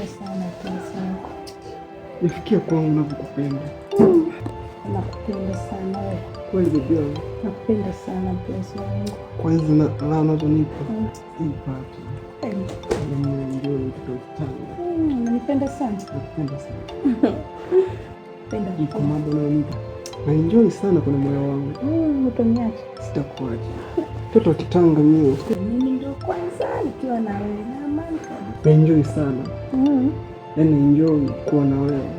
Asante sana penzi wangu. Nafikia kwangu navyokupenda. Nakupenda sana kweli bibi yangu. Nakupenda sana penzi wangu. Kwa hizi raha unazonipa mm. ipate ndio Nanipenda mm, sana. Nakupenda sana. Iko mambo unayonipa nanjoi sana kwenye moyo wangu. Mm, Utoniache. Sitakuacha. Mtoto wa kitanga mie. Mimi ndio kwanza nikiwa na wewe na amani. Nanjoi sana mm. Yaani enjoy kuwa na wewe,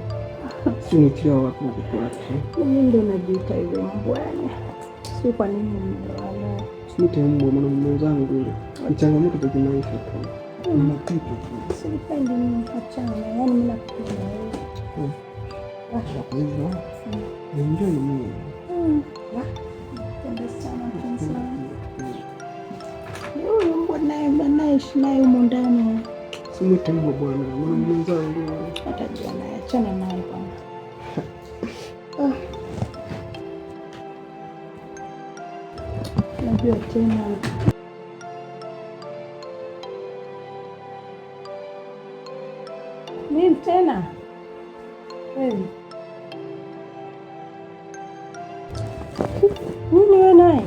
si wapi kukuacha. Mimi ndio najiita ile mbwa, yaani si kwa nini mbwa? Siite mbwa mwanamume wenzangu, ile ni changamoto za kimaisha tu, napita mm. tu. Sipendi mimi, achana. Yaani mimi nakupenda wewe, mm. kwa hivyo mm. enjoy mimi huyu mbwa naye naishi naye humo ndani Mwite hivyo bwana, mwanaume mwenzangu. Atajua naye, achana naye bwana. Ah. Najua tena nini tena wewe naye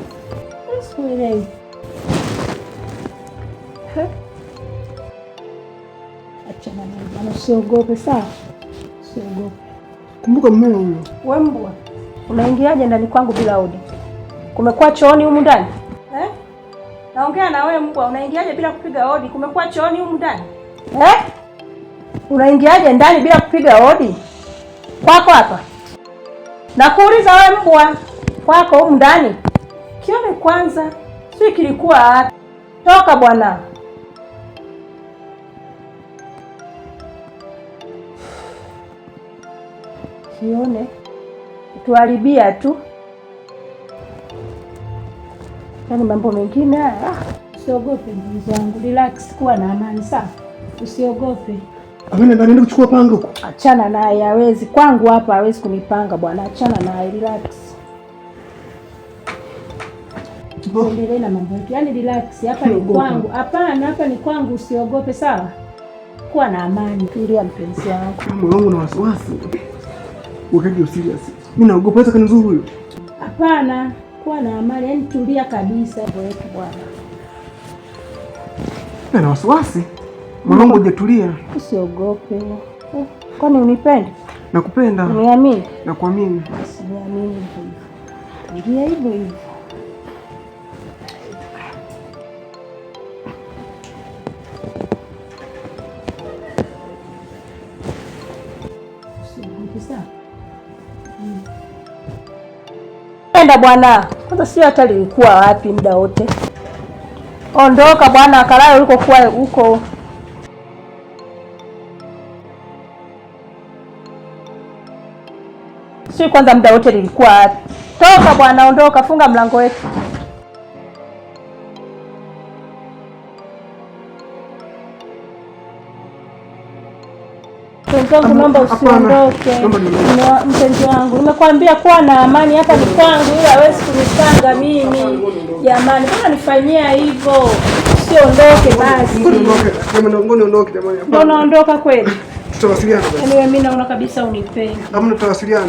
Usiogope sawa, usiogope. Kumbuka mume huyo. Wewe mbwa, unaingiaje ndani kwangu bila odi? Kumekuwa chooni humu ndani eh? Naongea na wewe mbwa, unaingiaje bila kupiga odi Kumekuwa chooni humu ndani eh? Unaingiaje ndani bila kupiga odi kwako hapa? Nakuuliza wewe mbwa, kwako humu ndani? Kione kwanza, sio kilikuwa hapa. Toka bwana. usione, tuharibia tu yaani mambo mengine haya. Usiogope ndugu zangu, relax, kuwa na amani sana, usiogope. Amina, kuchukua panga huko? Achana naye, hawezi kwangu hapa, hawezi kunipanga bwana, achana naye, relax. Endelee na mambo yake. yaani relax, hapa ni kwangu. Hapana, hapa ni kwangu, usiogope sawa? Kuwa na amani, tulia mpenzi wangu. Moyo na wasiwasi Utaji serious. Mimi naogopa hata kanizuru huyo. Hapana, kuwa na amani, yani tulia kabisa hapo yetu bwana. Nina wasiwasi. Mwanangu mm. hajatulia. Usiogope. Eh, kwani unipenda? Nakupenda. Uniamini? Nakuamini. Siamini. Ngia hivyo hivyo. Sawa. Enda bwana, kwanza si hata lilikuwa wapi muda wote. Ondoka bwana, kalae ulikokuwa huko. Si kwanza muda wote lilikuwa wapi? Toka bwana, ondoka, funga mlango wetu. Mwenzangu, naomba usiondoke, mpenzi wangu. Nimekwambia kuwa na amani, hapa ni kwangu, ila hawezi kunipanga mimi. Jamani, mbona nifanyia hivyo? Usiondoke basi. Mbona ondoka kweli? Tutawasiliana basi. Mimi naona kabisa unipende. Hamna, tutawasiliana.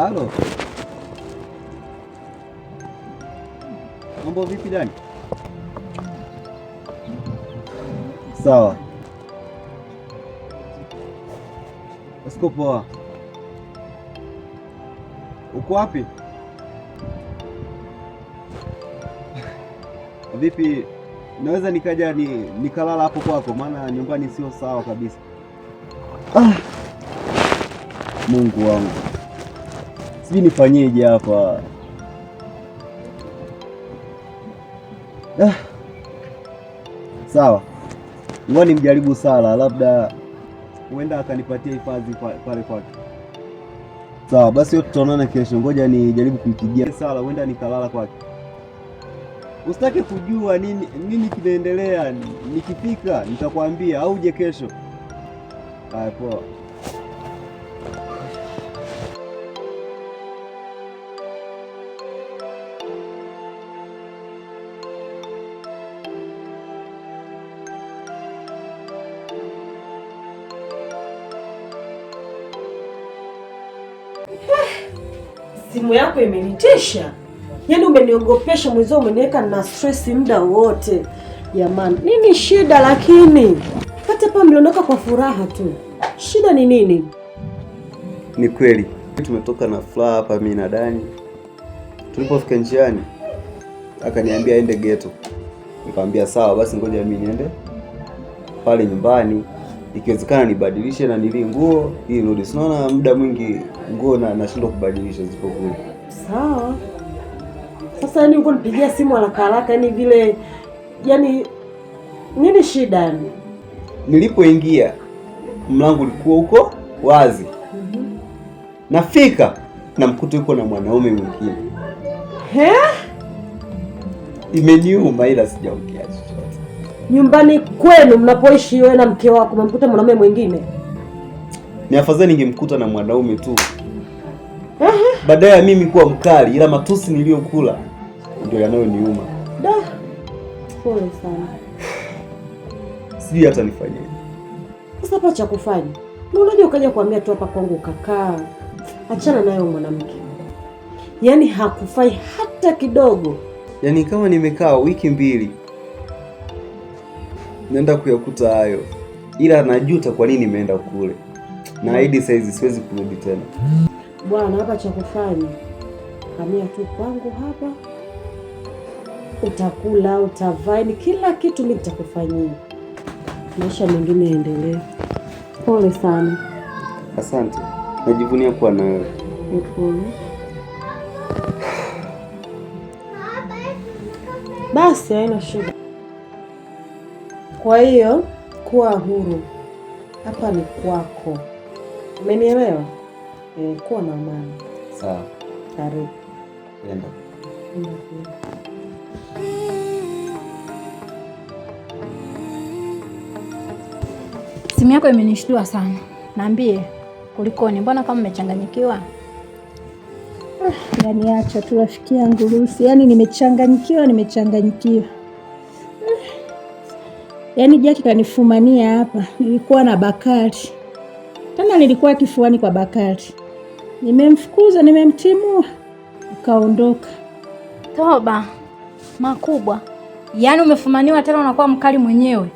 Halo. Mambo vipi Dani? Sawa. Siko poa. Uko wapi? Vipi, naweza nikaja ni, nikalala hapo kwako, maana nyumbani sio sawa kabisa. Ah. Mungu wangu sijui nifanyeje hapa. Ah. Sawa, ngoja nimjaribu sala labda huenda akanipatia hifadhi pale kwake. Sawa basi, hiyo tutaonana kesho. Ngoja nijaribu kumpigia Sala, huenda nikalala kwake. Usitake kujua nini nini kinaendelea, nikifika nitakwambia, auje kesho. Haya, poa. Simu yako imenitisha, yaani umeniogopesha mwenzio, umeniweka na stress muda wote. Jamani, nini shida? Lakini hata hapa mliondoka kwa furaha tu, shida ni nini? Ni kweli tumetoka na furaha hapa, mimi na Dani. Tulipofika njiani, akaniambia aende ghetto, nikamwambia sawa basi, ngoja mimi niende pale nyumbani ikiwezekana nibadilishe na nili nguo ili rudi, sinaona muda mwingi nguo na nashindwa kubadilisha zipo kule. Sawa. Sasa yani uko nipigia simu haraka haraka, yani vile yani nini shida yani? Nilipoingia mlango ulikuwa huko wazi. mm -hmm. Nafika namkuta yuko na mwanaume mwingine. He? Imeniuma ila sijaongea nyumbani kwenu mnapoishi wewe na mke wako umemkuta mwanaume mwingine? Ni afadhali ningemkuta na mwanaume tu baadaye ya mimi kuwa mkali, ila matusi niliyokula ndio yanayoniuma. Da, pole sana. Sijui hata nifanyeje sasa. Hapo cha kufanya unajua, ukaja kuambia tu hapa kwangu kakaa, achana nayo mwanamke, yaani hakufai hata kidogo. Yaani kama nimekaa wiki mbili naenda kuyakuta hayo, ila najuta kwa nini nimeenda kule. Naahidi saizi siwezi kurudi tena bwana. Hapa cha kufanya kamia tu kwangu hapa, utakula ni kila kitu mimi nitakufanyia. Maisha mengine yaendelee. Pole sana. Asante, najivunia kuwa na wewe. Basi haina shida. Kwa hiyo kuwa huru, hapa ni kwako, umenielewa? E, kuwa na amani. Sawa, karibu. Nenda. Simu yako imenishtua sana, naambie kulikoni? Mbona kama umechanganyikiwa? Ah, yani acha tu rafiki yangu Lucy, yaani nimechanganyikiwa, nimechanganyikiwa yaani Jaki kanifumania hapa. Nilikuwa na Bakari tena, nilikuwa kifuani kwa Bakari, nimemfukuza nimemtimua, ukaondoka. Toba makubwa, yaani umefumaniwa tena, unakuwa mkali mwenyewe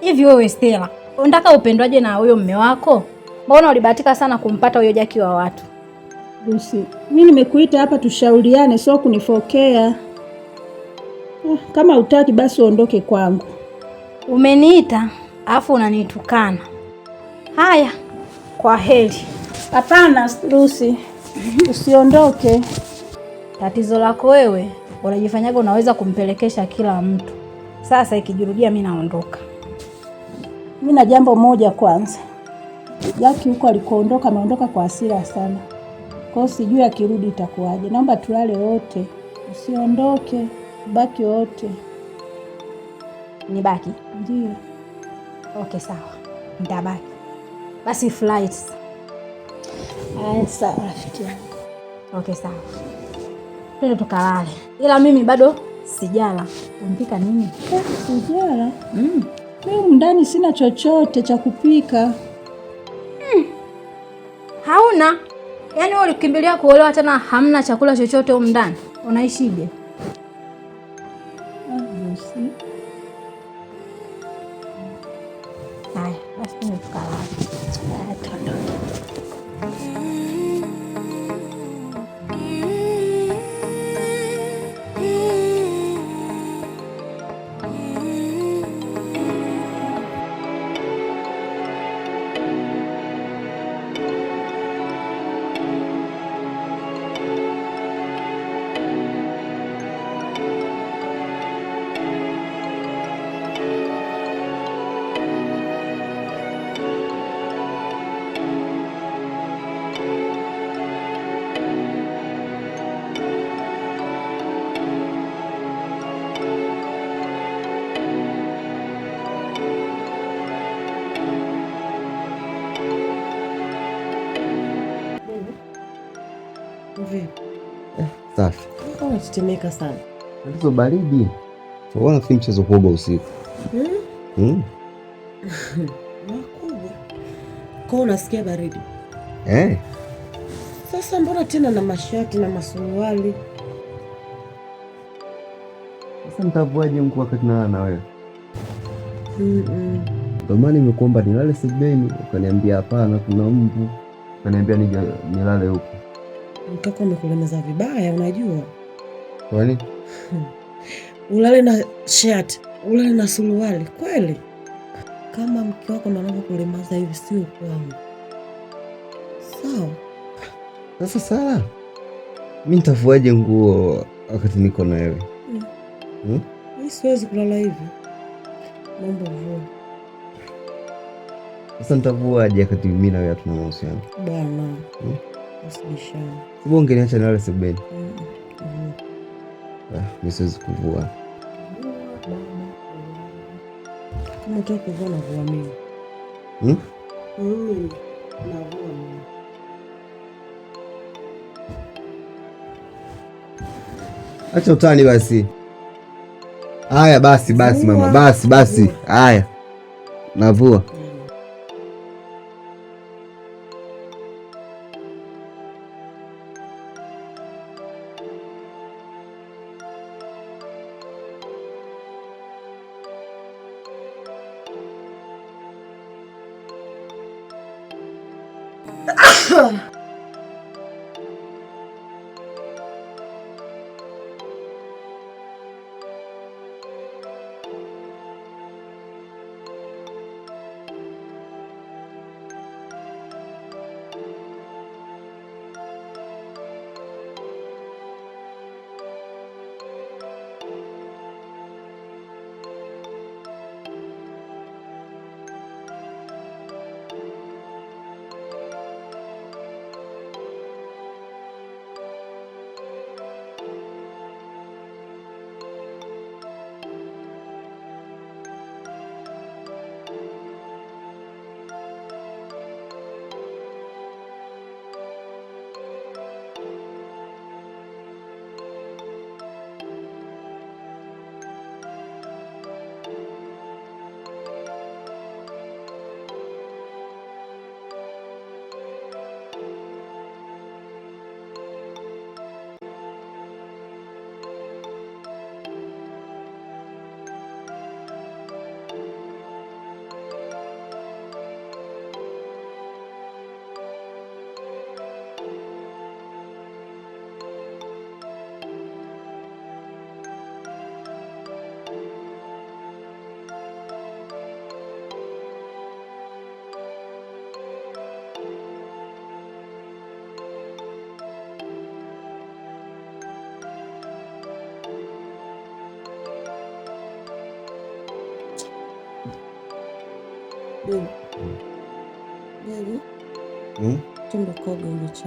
hivi wewe. Stella, unataka upendwaje na huyo mme wako? Mbona ulibahatika sana kumpata huyo Jaki wa watu? Lucy, mimi nimekuita hapa tushauriane, sio kunifokea. Ah, kama utaki basi uondoke kwangu. Umeniita afu unanitukana. Haya, kwa heri. Hapana Lucy, mhm. usiondoke. Tatizo lako wewe, unajifanyaga unaweza kumpelekesha kila mtu. Sasa ikijirudia, mi naondoka. Mi na jambo moja kwanza, Jaki huko alikoondoka ameondoka kwa hasira sana, kwao sijui akirudi itakuwaje. Naomba tulale wote, usiondoke, baki wote nibaki? Ndio. Okay, sawa, ndabaki basi. Flight haya. Sawa rafiki Okay, sawa, twende tukalale, ila mimi bado sijala. Umpika nini? Eh, sijala mm. Mimi ndani sina chochote cha kupika mm. Hauna? Yaani wewe ulikimbilia kuolewa tena hamna chakula chochote huko ndani, unaishije? vipi? Eh, safi. Unatetemeka sana. tatizo baridi. Wala si mchezo kuoga usiku. Mhm. Mhm. Nakuja. Kwa unasikia baridi? Eh. Sasa mbona tena na mashati na masuruali? Sasa nitavuaje mkuu wakati nalala na wewe? Ndio maana nimekuomba nilale sebeni, ukaniambia hapana, kuna mbu. Ukaniambia nilale huko. Mkako umekulemeza vibaya, unajua. Kwani hmm. ulale na shirt, ulale na suruali kweli? Kama mke wako ndo anavyokulemaza hivi, sio kwangu. Sawa. Sasa Sara, mi nitafuaje nguo wakati niko na wewe? Hmm. Hmm? Mi hmm? siwezi kulala hivi, naomba uvue. Sasa nitavuaje wakati mi na wewe hatuna mahusiano Hmm? Kubwa ungeniacha nala sebuleni. Mimi siwezi kuvua. Hmm? Acha utani basi. Haya basi basi mama, basi basi. Haya. Navua. hmm? Twende kagonge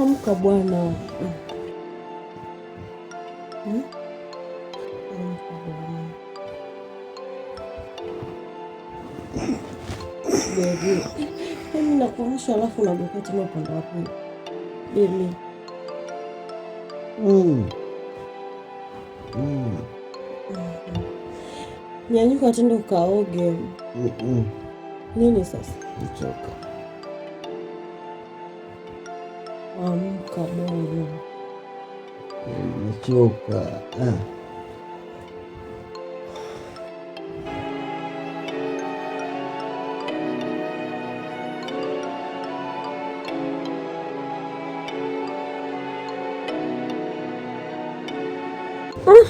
Amka bwana, hmm? Hmm? Amka bwana. Bebi, mimi nakuamsha alafu unagoka tena upande wa pili. Bebi. Hmm. Nyanyuka tende ukaoge. Nini sasa? Nichoka. Kabogo. Nimechoka. Ah. Hmm.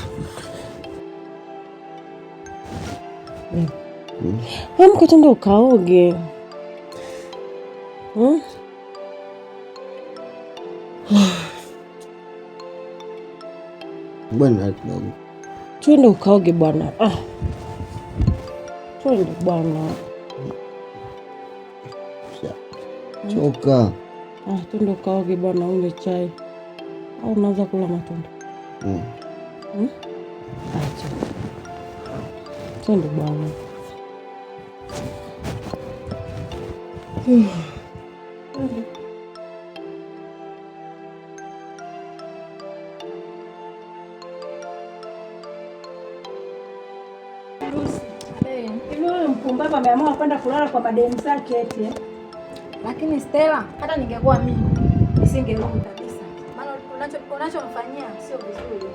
Hmm. Hem, kucha ndo ukaoge. bwana kidogo. Twende ukaoge bwana. Ah. Twende bwana. Choka. Ah, twende ukaoge bwana, unywe chai au unaanza kula matunda. Mm. Acha. Twende bwana. Hmm. kulala kwa mademu zake eti. Eh. Lakini Stella, hata ningekuwa mimi nisingerudi kabisa, maana unachomfanyia sio vizuri.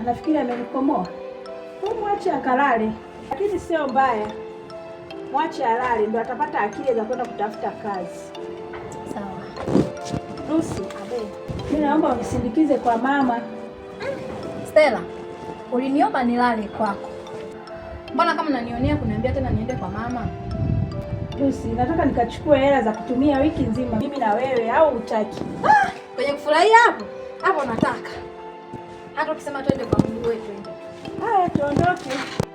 Anafikiri amenikomoa. Mwache akalale, lakini sio mbaya, mwache alale, ndo atapata akili za kwenda kutafuta kazi. Sawa Abe, mimi naomba unisindikize kwa mama. Stella, uliniomba nilale kwako Mbona kama nanionea kuniambia tena niende kwa mama? Lucy, nataka nikachukue hela za kutumia wiki nzima mimi na wewe au utaki? Ah, kwenye kufurahia hapo? Hapo nataka. Hata ukisema twende kwa Mungu wetu. Haya tuondoke.